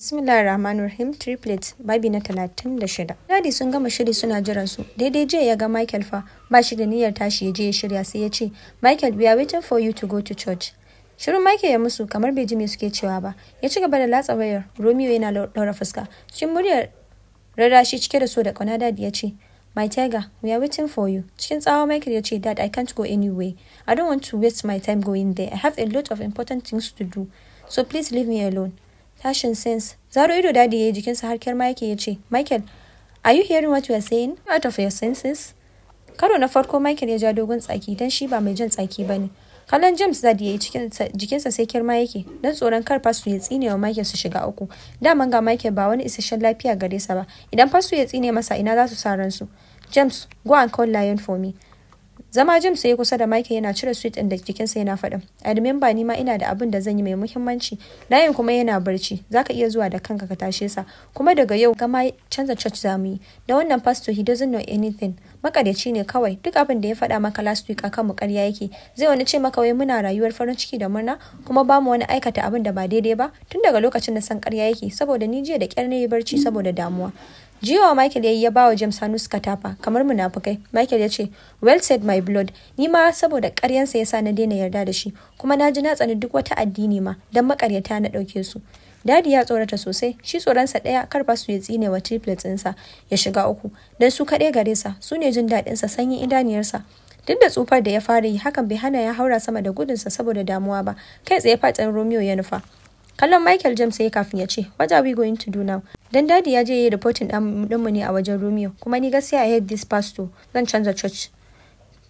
Bismillah Rahman Rahim triplet babi na talatin da 36. Dadi sun gama shiri suna jiran su. Daidai jiya ya ga Michael fa ba shi da niyyar tashi ya je ya shirya sai ya ce, "Michael, we are waiting for you to go to church." Shirin Michael ya musu kamar bai ji me suke cewa ba. Ya ci gaba da latsa wayar. Romeo yana laura fuska. Cikin muryar rarrashi cike da so da kwana dadi ya ce, "My tiger, we are waiting for you." Cikin tsawa Michael ya ce, "Dad, I can't go anyway. I don't want to waste my time going there. I have a lot of important things to do. So please leave me alone." Tashin sense. Zaro ido dadi ya yi jikinsa har kyar Michael ya ce, Michael, are you hearing what you are saying? Out of your senses? Karo na farko Michael ya ja dogon tsaki don shi ba mai jan tsaki ba ne. Kallon James Zadi ya yi jikinsa sai kirma yake don tsoron kar fasu ya tsine wa Michael su shiga uku. Daman ga Michael ba wani isasshen lafiya gare sa ba. Idan fasu ya tsine masa ina za su sa ransu. James, go and call Lion for me. zama jim sai kusa da mike yana cire sweet din da jikinsa yana faɗin i remember ni ma ina da abin da zan yi mai muhimmanci layin kuma yana barci ka iya zuwa da kanka ka tashe sa kuma daga yau gama canza church zamu yi da wannan pastor he doesn't know anything ne kawai duk abin da ya faɗa maka last week akan mu ƙarya yake zai wani ce maka wai muna rayuwar farin ciki da murna kuma ba mu wani aikata abin da ba daidai ba tun daga lokacin da san ƙarya yake saboda ni jiya da ƙyar ne barci saboda damuwa jiwa Michael yayi ya ba wa James hannu suka tafa kamar munafukai. Michael ya ce, "Well said my blood, ni ma saboda ya sa na daina yarda da shi, kuma na ji na tsani duk wata addini ma don makaryata na ɗauke su." Dadi ya tsorata sosai, shi tsoronsa ɗaya kar ba su ya tsine wa triplets ɗinsa ya shiga uku, don su kaɗai gare sa, su ne jin daɗinsa sanyin idaniyarsa. Duk da tsufar da ya fara yi hakan bai hana ya haura sama da gudunsa saboda damuwa ba, kai tsaye fatan Romeo ya nufa. kallon michael james sai kafin ya ce what are we going to do now dan dadi ya je ya yi reporting mu ne a wajen romeo kuma ni gaskiya i hate this pastor zan canza church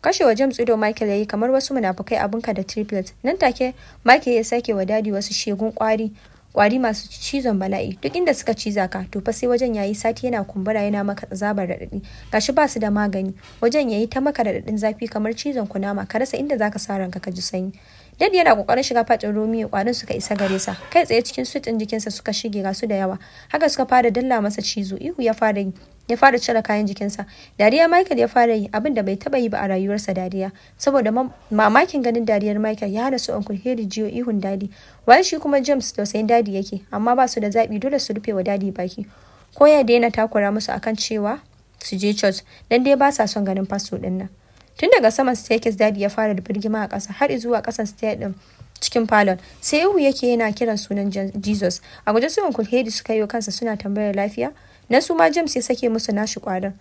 kashewa james ido michael ya yi kamar wasu munafukai abinka da triplet nan take michael ya sake wa dadi wasu shegun kwari kwari masu cizon bala'i duk inda suka ciza ka to fa sai wajen yayi sati yana kumbura yana maka zabar radadi gashi ba su da magani wajen yayi ta maka radadin zafi kamar cizon kunama ka rasa inda zaka sa ranka ka ji sanyi Dad yana kokarin shiga fatin Romeo kwarin suka isa gare sa. Kai tsaye cikin suit din jikinsa suka shige ga su da yawa. Haka suka fara dalla masa cizo. Ihu ya fara Ya fara cire kayan jikinsa. Dariya Michael ya fara yi abin da bai taba yi ba a rayuwarsa dariya. Saboda mamakin ganin dariyar Michael ya hana su Uncle Harry jiyo ihun dadi. Wai shi kuma James sayin dadi yake amma ba su da zaɓi dole su rufe wa dadi baki. Ko ya daina takura musu akan cewa su je church dan dai ba sa son ganin fasto din nan. tun daga saman staircase dadi ya fara da birgima a ƙasa har zuwa ƙasan stair din cikin falon sai ihu yake yana kiran sunan jesus a guje su uncle hedi suka yi kansa suna tambayar lafiya na su ma james ya sake musu nashi kwarin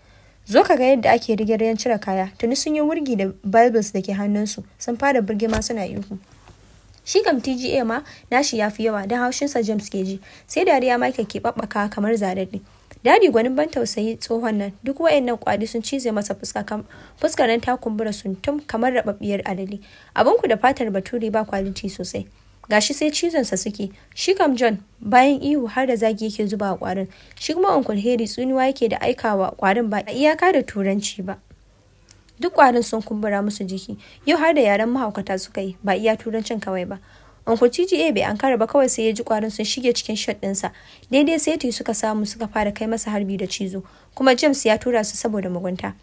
zo ka ga yadda ake rige rigirayen cire kaya tuni sun yi wurgi da bibles da ke hannunsu sun fara birgima suna ihu shi kam tga ma nashi ya fi yawa don haushinsa james ke ji sai dariya michael ke babbaka kamar zadaddi dadi gwanin ban tausayi tsohon nan duk wayannan kwari sun cize masa fuska kam fuskar nan ta kumbura tum kamar rababbiyar abin ku da fatar baturi ba kwaliti sosai gashi sai cizon sa suke shi kam john bayan ihu har da zagi yake zuba a kwarin shi kuma uncle harry tsuniwa yake da aikawa kwarin ba iyaka da turanci ba duk kwarin sun kumbura musu jiki yau har da yaren mahaukata suka yi ba iya turancin kawai ba Uncle TGA bai ankara ba kawai sai ya ji kwarin sun shige cikin shot ɗinsa. Daidai sai suka samu suka fara kai masa harbi da cizo, kuma James ya tura su saboda mugunta.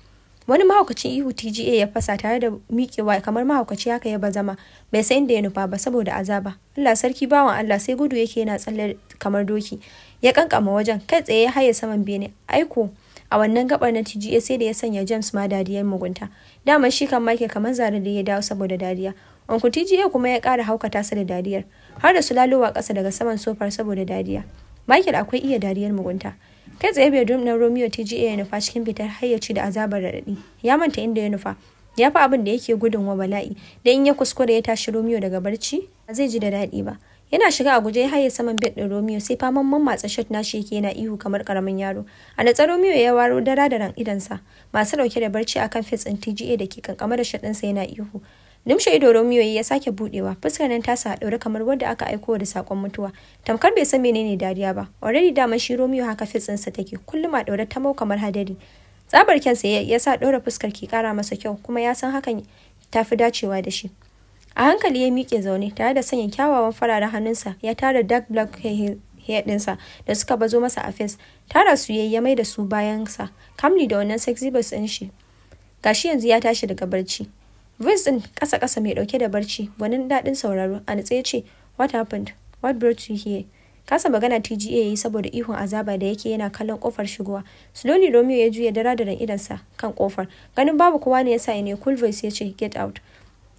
Wani mahaukacin ihu TGA ya fasa tare da miƙewa kamar mahaukaci haka ya bazama, bai san inda ya nufa ba saboda azaba. Allah sarki bawan Allah sai gudu yake yana tsalle kamar doki. Ya kankama wajen, kai tsaye ya haye saman bene. Aiko, a wannan gabar na TGA sai da ya sanya James ma dariyar mugunta. Dama shi kan Michael kamar zare da ya dawo saboda dariya. Uncle TGA kuma ya kara haukata su da dariyar, har da su lalowa kasa daga saman sofar saboda dariya. Michael akwai iya dariyar mugunta. Kai tsaye dum na Romeo TGA ya nufa cikin fitar hayyaci da azabar raɗaɗi. Ya manta inda ya nufa. Ya fi abin da yake gudun wa bala'i, da in ya kuskure ya tashi Romeo daga barci, ba zai ji da daɗi ba. Yana shiga a guje haye saman bed ɗin Romeo sai faman matsa shirt nashi yake yana ihu kamar karamin yaro. A natsa Romeo ya waro dara da ran idansa. Masu ɗauke da barci akan fitsin TGA da ke kankama da shirt ɗinsa yana ihu. Numshe ido Romeo ya sake budewa, fuskar nan tasa daure kamar wadda aka aiko da sakon mutuwa. Tamkar bai san menene dariya ba. Already dama shi romiyo haka fitsinsa take, kullum a daure ta mau kamar hadari. Tsabar kyansa ya sa daure fuskar ki kara masa kyau, kuma ya san hakan tafi dacewa da shi. A hankali ya miƙe zaune tare da sanya kyawawan fararen hannunsa ya tara dark black hair ɗinsa da suka bazo masa a face. Tara su yayi ya mai da su bayan sa kamli da wannan sexy boss in shi. Gashi yanzu ya tashi daga barci. Voice din kasa-kasa mai dauke da barci, gwanin dadin sauraro, a nutse ya ce, What happened? What brought you here? Kasa magana TGA ya yi saboda ihun azaba da yake yana kallon kofar shigowa. Slowly Romeo ya juya daradaran idansa kan kofar. Ganin babu kowa ne ya sa ne cool voice ya ce, Get out.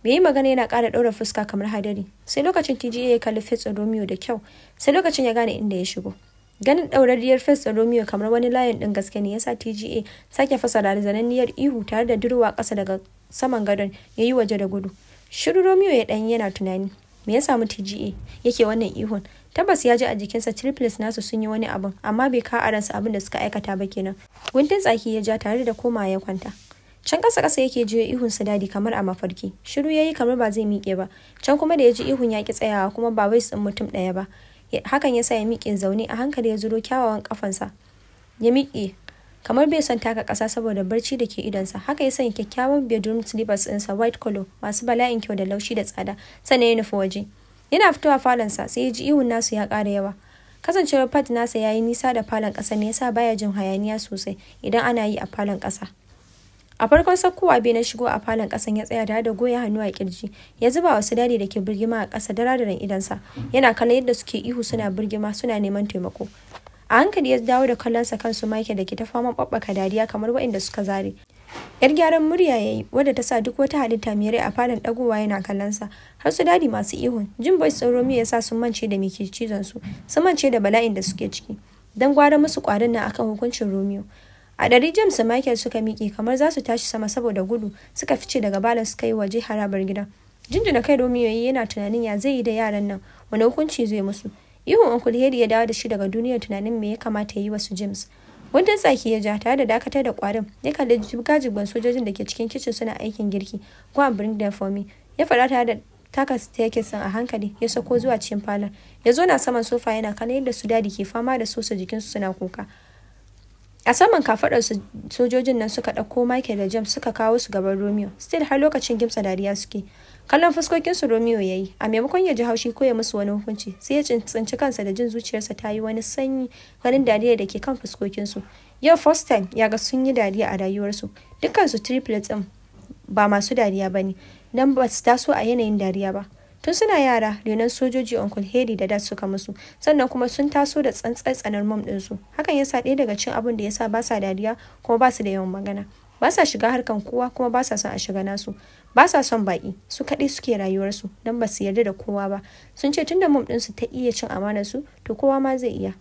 me yi magana yana kara ɗaura fuska kamar hadari sai lokacin tga ya kalli fetsa romeo da kyau sai lokacin ya gane inda ya shigo ganin ɗaurariyar fetsa romeo kamar wani layin din gaske ne yasa tga sake fasa razananniyar ihu tare da durowa kasa daga saman gadon ya yi waje da gudu shiru romeo ya ɗanyi yana tunani me ya samu tga yake wannan ihun tabbas ya ji a jikinsa triplets nasu sun yi wani abin amma bai kawo ransa abin da suka aikata ba kenan guntun tsaki ya ja tare da koma ya kwanta can kasa-kasa ƙasa yake jiyo ihun su dadi kamar a mafarki shiru ya yi kamar ba zai miƙe ba can kuma da ya ji ihun ya tsayawa kuma ba wai sun mutum ɗaya ba hakan ya sa ya miƙe zaune a hankali ya zuro kyawawan sa ya miƙe kamar bai son taka ƙasa saboda barci da ke idonsa haka ya sanya kyakkyawan bedroom slippers ɗinsa white color masu bala'in kyau da laushi da tsada sannan ya nufi waje yana fitowa falonsa sai ya ji ihun nasu ya kara yawa kasancewar pat nasa ya yi nisa da falon ƙasa ne yasa baya jin hayaniya sosai idan ana yi a falon ƙasa a farkon sakkowa bai na shigo a falon ƙasan ya tsaya tare da goya hannu a kirji ya zuba wasu dadi da ke birgima a kasa ƙasa daradaran idansa yana kallon yadda suke ihu suna birgima suna neman taimako a hankali ya dawo da kallonsa kansu Michael da ke ta faman ɓaɓɓaka dariya kamar waɗanda suka zare. Yar gyaran murya ya yi wadda ta sa duk wata halitta mai rai a falon ɗagowa yana kallonsa har su dadi masu ihun jin boys tsoro ya sa sun mance da mike cizon su sun mance da bala'in da suke ciki dan gwara musu kwarin nan akan hukuncin Romeo. A ɗari James da Michael suka miƙe kamar za su tashi sama saboda gudu suka fice daga balon suka yi waje harabar gidan. Jinjina kai Romeo yana tunanin ya zai yi da yaran nan wani hukunci zai musu. Ihun Uncle Harry ya dawo da shi daga duniyar tunanin me ya kamata ya yi wasu James. Wanda tsaki ya ja tare da dakatar da kwarin ya kalli jibga sojojin da ke cikin kicin suna aikin girki. Go and bring them for me. Ya faɗa tare da taka staircase a hankali ya sako zuwa cikin falon. Ya zo na saman sofa yana kallon yadda su dadi ke fama da sosa jikinsu suna kuka. a saman kafaɗar sojojin nan suka ɗauko michael da james suka kawo su gaban romeo still har lokacin gimsa dariya suke kallon fuskokinsu romeo yayi a maimakon ya ji haushi ko ya musu wani hukunci sai ya tsinci kansa da jin zuciyarsa ta yi wani sanyi ganin dariya da ke kan su yau first time ya ga sun yi dariya a rayuwarsu dukkansu triplets ɗin ba masu dariya ba ne ba su taso a yanayin dariya ba tun suna yara renon sojoji uncle heli da dad suka musu sannan kuma sun taso da tsantsar tsanar mom ɗinsu hakan yasa ɗaya daga cin abin da yasa ba sa dariya kuma ba su da yawan magana ba sa shiga harkan kowa kuma ba sa son a shiga nasu ba sa son baƙi su kaɗai suke rayuwarsu don ba su yarda da kowa ba sun ce tunda mom ɗinsu ta iya cin amanar su to kowa ma zai iya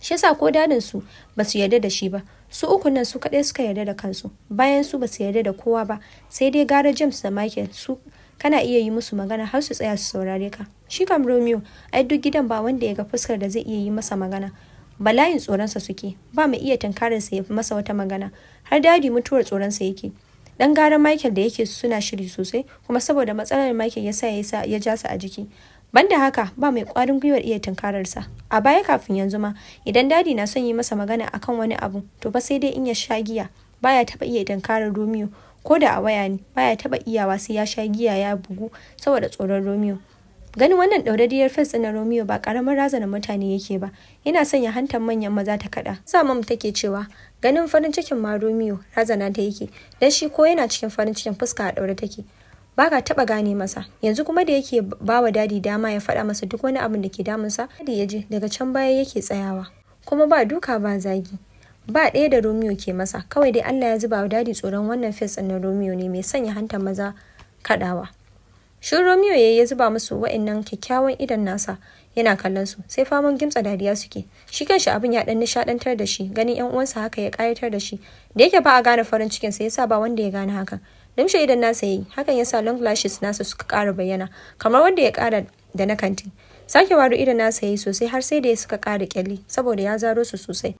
shi yasa ko dadin su ba su yarda da shi ba su uku nan su kaɗai suka yarda da kansu bayan su ba su yarda da kowa ba sai dai gara james da michael su kana iya yi musu magana har su tsaya su saurare ka shi kam romeo ai duk gidan ba wanda ya ga fuskar da zai iya yi masa magana bala'in tsoronsa suke ba mai iya tinkararsa ya masa wata magana har dadi mutuwar tsoronsa yake dan gara michael da yake suna shiri sosai kuma saboda matsalar michael ya sa ya ja su a jiki banda haka ba mai kwarin gwiwar iya tunkararsa a baya kafin yanzu ma idan dadi na son yi masa magana akan wani abu to ba sai dai in ya sha giya baya taba iya tunkarar romeo ko da a waya ne baya taɓa iyawa sai ya sha giya ya bugu saboda tsoron Romeo. Ganin wannan ɗaurariyar fes na Romeo ba ƙaramin razana mutane yake ba, yana sanya hantar manyan maza ta kaɗa. Sa mam take cewa ganin farin cikin ma Romeo razana ta yake, dan shi ko yana cikin farin cikin fuska a ɗaure take. baka ka taɓa gane masa, yanzu kuma da yake bawa dadi dama ya faɗa masa duk wani abin da ke damunsa, dadi ya je daga can baya yake tsayawa. Kuma ba duka ba zagi. ba ɗaya da romeo ke masa kawai dai allah ya zuba wa dadi tsoron wannan fes ɗin na romeo ne mai sanya hanta maza kaɗawa shin romeo ya yi zuba musu wa'annan kyakkyawan idan nasa yana kallon su sai faman gimtsa dariya suke shi kanshi abin ya ɗan nishaɗantar da shi ganin yan uwansa haka ya kayatar da shi da yake ba a gane farin cikin sa yasa ba wanda ya gane hakan limshe idan nasa yayi hakan yasa long lashes nasa suka ƙara bayyana kamar wanda ya ƙara da na kanti sake waro idan nasa yayi sosai har sai da ya suka ƙara kyalli saboda ya zaro su sosai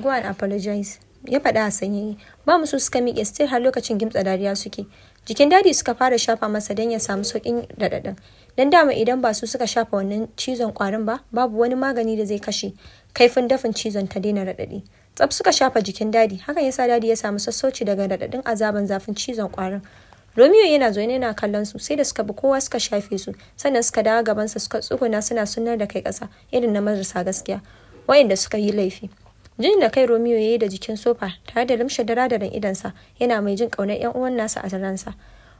Go and apologize. Ya faɗa a sanyi. Ba mu so suka miƙe still har lokacin gimtsa dariya suke. Jikin dadi suka fara shafa masa don ya samu sauƙin raɗaɗin. Don dama idan ba su suka shafa wannan cizon ƙwarin ba, babu wani magani da zai kashe kaifin dafin cizon ta daina raɗaɗi. Tsaf suka shafa jikin dadi, hakan yasa dadi ya samu sassauci daga raɗaɗin azaban zafin cizon ƙwarin. Romeo yana zo yana kallon su sai da suka bi kowa suka shafe su sannan suka dawo gabansa suka tsuguna suna sunar da kai ƙasa irin na marasa gaskiya wayanda suka yi laifi. jin da kai romeo ya yi da jikin sofa tare da limshe ran idansa yana mai jin ƙaunar yan uwan nasa a ransa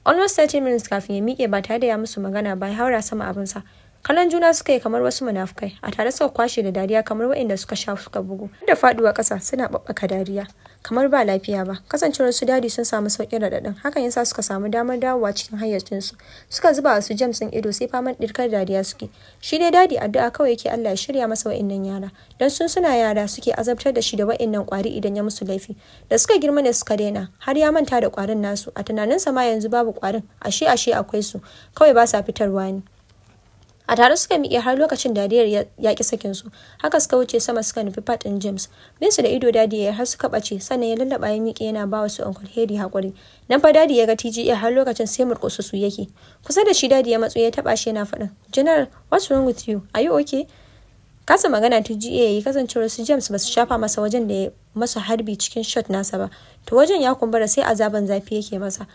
almost 30 minutes kafin ya miƙe ba tare da ya musu magana ba ya haura sama abinsa kallon juna suka yi kamar wasu munafukai a tare suka kwashe da dariya kamar waɗanda suka sha suka bugu da faduwa ƙasa suna babbaka dariya kamar ba lafiya ba kasancewar su dadi sun samu saukin raɗaɗin hakan yasa suka samu damar dawowa cikin su suka zuba su jams din ido sai faman ɗirkar dariya suke shi dai dadi addu'a kawai yake Allah ya shirya masa wa'innan yara dan sun suna yara suke azabtar da shi da wa'innan kwari idan ya musu laifi da suka girma ne suka daina har ya manta da kwarin nasu a tunaninsa ma yanzu babu kwarin ashe ashe akwai su kawai ba sa fitarwa ne a tare suka miƙe har lokacin da dariyar ya ƙi sakin su haka suka wuce sama suka nufi fatin james bin su da ido dadi ya har suka ɓace sannan ya lallaɓa ya miƙe yana ba su uncle harry haƙuri nan fa dadi ya ga tga har lokacin sai murƙusu su yake kusa da shi dadi ya matsu ya taɓa shi yana faɗin general what's wrong with you are you okay kasa magana tga ya yi kasancewar su james ba su shafa masa wajen da ya masa harbi cikin shot nasa ba to wajen ya kumbura sai azaban zafi yake masa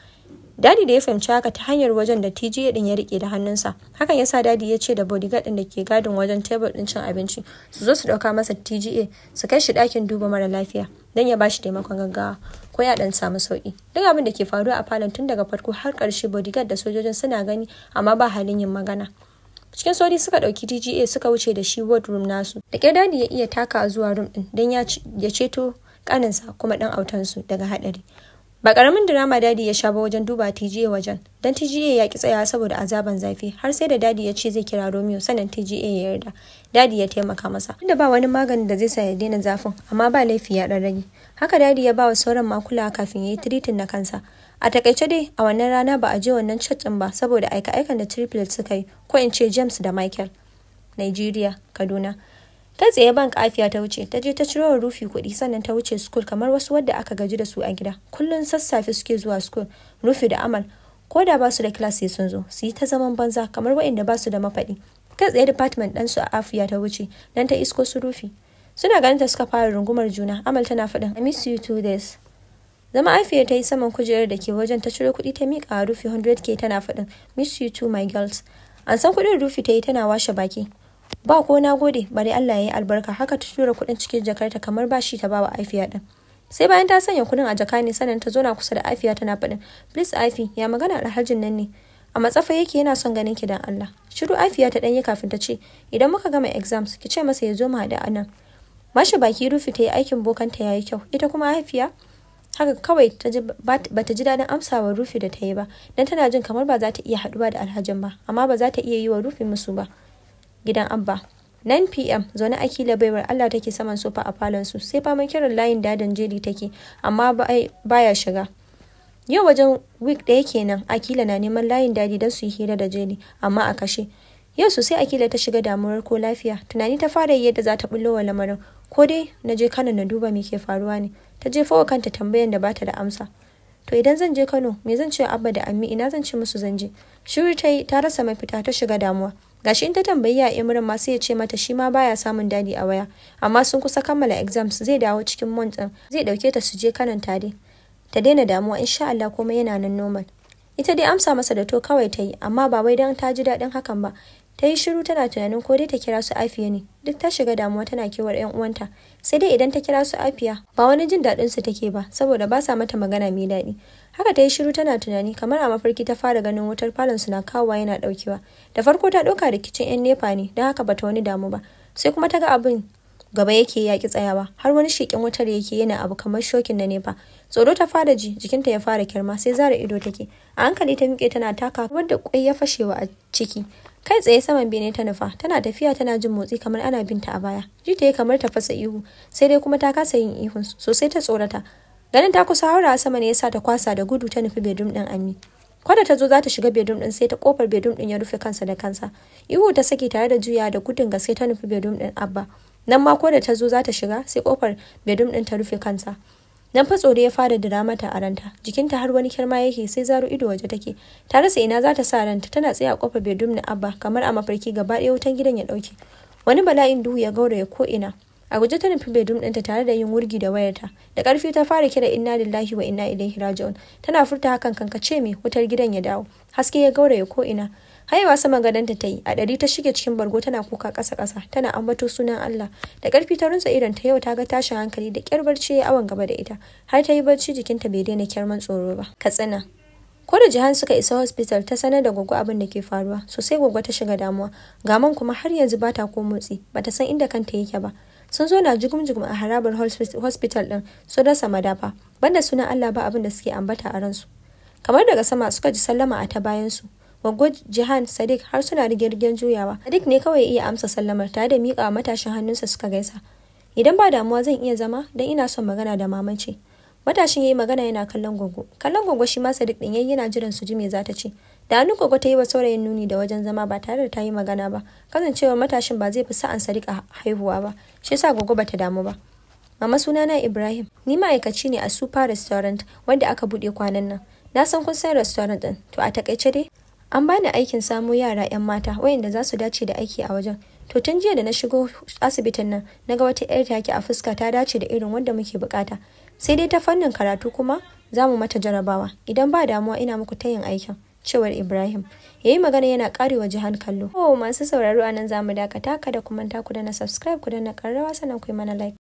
dadi da ya fahimci haka ta hanyar wajen da tj din ya rike da hannunsa hakan yasa dadi ya ce da bodyguard din da ke gadin wajen tebur din cin abinci su zo su dauka masa tga su kai shi dakin duba mara lafiya don ya bashi taimakon gaggawa ko ya dan samu sauki duk abin da ke faruwa a falon tun daga farko har karshe bodyguard da sojojin suna gani amma ba halin yin magana cikin sauri suka dauki tga suka wuce da shi ward room nasu da ke dadi ya iya taka zuwa room din don ya ceto kaninsa kuma dan autansu daga hadari Ba ƙaramin dirama dadi ya sha ba wajen duba TGA wajen, don TGA ya ki tsayawa saboda azaban zafi har sai da dadi ya ce zai kira Romeo sannan TGA ya yarda. Dadi ya taimaka masa. Inda ba wani magani da zai sa ya daina zafin, amma ba laifi ya ɗan rage. Haka dadi ya ba wa sauran makula kafin ya yi tiritin na kansa. A takaice dai a wannan rana ba a je wannan chat din ba saboda aika-aikan da triplet suka yi ko in ce James da Michael. Nigeria, Kaduna. ta tsaye ban kafiya ta wuce ta je ta ciro rufi kuɗi sannan ta wuce school kamar wasu wadda aka gaji da su a gida kullum sassafe suke zuwa school rufi da amal ko da basu da class sun zo su yi ta zaman banza kamar waɗanda basu da mafaɗi ta tsaye department ɗansu a afiya ta wuce dan ta isko su rufi suna ganin ta suka fara rungumar juna amal tana faɗin i miss you two days zama afiya ta yi saman kujerar da ke wajen ta ciro kuɗi ta miƙa rufi 100k tana faɗin miss you too my girls an san kuɗin rufi ta yi tana washe baki ba ko na gode bari Allah ya yi albarka haka ta tura kuɗin cikin jakarta kamar ba shi ta ba wa afiya din sai bayan ta sanya kuɗin a jaka ne sanin ta na kusa da afiya tana faɗin please afi ya magana alhajin nan ne a matsafa yake yana son ganin ki dan Allah shiru afiya ta yi kafin ta ce idan muka gama exams ki ce masa ya zo mu haɗu a nan mashi baki rufi ta yi aikin bokanta yayi kyau ita kuma afiya haka kawai ba ta ji daɗin amsawa rufi da ta yi ba don tana jin kamar ba za ta iya haɗuwa da alhajin ba amma ba za ta iya yi wa rufi musu ba gidan abba 9 pm zaune akila baiwar allah take saman sofa a falon su sai faman kiran layin dadan jeli take amma baya shiga yau wajen week ɗaya kenan akila na neman layin dadi don su yi hira da jeli amma a kashe yau sosai akila ta shiga damuwar ko lafiya tunani ta fara yi yadda za ta bullo wa lamarin ko dai na je kano na duba me ke faruwa ne ta je wa kanta tambayan da bata da amsa to idan zan je kano me zan ce abba da ammi ina zan ce musu zan je shiru ta yi ta rasa mafita ta shiga damuwa gashi in ta tambayi ya Imran ma sai ya ce mata shi ma baya samun dadi a waya amma sun kusa kammala exams zai dawo cikin month din zai dauke ta su je kanan tare ta daina damuwa insha Allah komai yana nan normal ita dai amsa masa da to kawai ta yi amma ba wai dan ta ji dadin hakan ba ta yi shiru tana tunanin ko dai ta kira su afiya ne duk ta shiga damuwa tana kewar yan uwanta sai dai idan ta kira su afiya ba wani jin daɗin su take ba saboda ba sa mata magana mai daɗi haka ta yi shiru tana tunani kamar a mafarki ta fara ganin wutar falon su na kawowa yana ɗaukewa da farko ta ɗauka rikicin yan nepa ne don haka bata wani damu ba sai kuma ta ga abin gaba yake yaƙi tsayawa har wani shekin wutar yake yana abu kamar shokin na nepa tsoro ta fara ji jikinta ya fara kirma sai zara ido take a hankali ta miƙe tana taka wadda kwai ya fashewa a ciki kai tsaye saman bene ta nufa tana tafiya tana jin motsi kamar ana binta a baya ji ta yi kamar ta fasa ihu sai dai kuma ta kasa yin ihun sosai ta tsorata ganin ta kusa haura sama ne yasa ta kwasa da gudu ta nufi bedroom din ammi kwada ta zo za ta shiga bedroom din sai ta kofar bedroom din ya rufe kansa da kansa ihu ta saki tare da juya da gudun gaske ta nufi bedroom din abba nan ma kwada ta zo za ta shiga sai kofar bedroom din ta rufe kansa dan fa tsoro ya fara dira mata a ranta jikinta har wani kirma yake sai zaro ido waje take ta rasa ina za ta sa ranta tana tsaye a kofar bedroom na abba kamar a mafarki gaba ɗaya wutan gidan ya ɗauke wani bala'in duhu ya gauraya ko ina a guje ta nufi bedroom ɗinta tare da yin wurgi da wayarta da ƙarfi ta fara kira inna lillahi wa inna ilaihi raji'un tana furta hakan kankace mai wutar gidan ya dawo haske ya gauraya ko ina haiwa sama gadon ta yi a ɗari ta shige cikin bargo tana kuka ƙasa ƙasa tana ambato sunan Allah da ƙarfi ta runtse idon ta yau ta ga tashin hankali da ƙyar barci ya awon gaba da ita har ta yi barci jikinta bai daina kyarman tsoro ba katsina ko da jihan suka isa hospital ta sanar da gwaggo abin da ke faruwa sosai gwaggo ta shiga damuwa gaman kuma har yanzu ba ta ko motsi ba ta san inda kanta yake ba sun zo na jigum-jigum a harabar hospital din sun rasa madafa banda sunan Allah ba abin da suke ambata a ransu kamar daga sama suka ji sallama a ta bayansu Gwaggo Jihan Sadiq har suna rigirgen juyawa. Sadiq ne kawai iya amsa sallamar tare da miƙa wa matashin hannunsa suka gaisa. Idan ba damuwa zan iya zama don ina son magana da mamace. Matashin ya yi magana yana kallon gwaggo. Kallon gwaggo shi ma Sadiq ɗin yayi yana jiran su ji me za ta ce. Da hannun gwaggo ta yi wa saurayin nuni da wajen zama ba tare da ta yi magana ba. Kasancewar matashin ba zai fi sa'an Sadiq a haihuwa ba. Shi yasa gwaggo ba ta damu ba. Mama sunana Ibrahim, ni ma'aikaci ne a Super Restaurant wanda aka buɗe kwanan nan. Na san kun san restaurant ɗin, to a takaice dai An bani aikin samo yara 'yan mata wayanda za su dace da aiki a wajen. To tun jiya da na shigo asibitin nan, na ga wata 'yar take a fuska ta dace da irin wanda muke bukata. Sai dai ta fannin karatu kuma za mu mata jarabawa. Idan ba damuwa ina muku ta yin aikin. cewar Ibrahim. yayi magana yana karewa Jihan kallo. Oh masu sauraro a nan za mu dakata kada ku manta ku da na subscribe ku da na karrawa sannan ku yi mana like.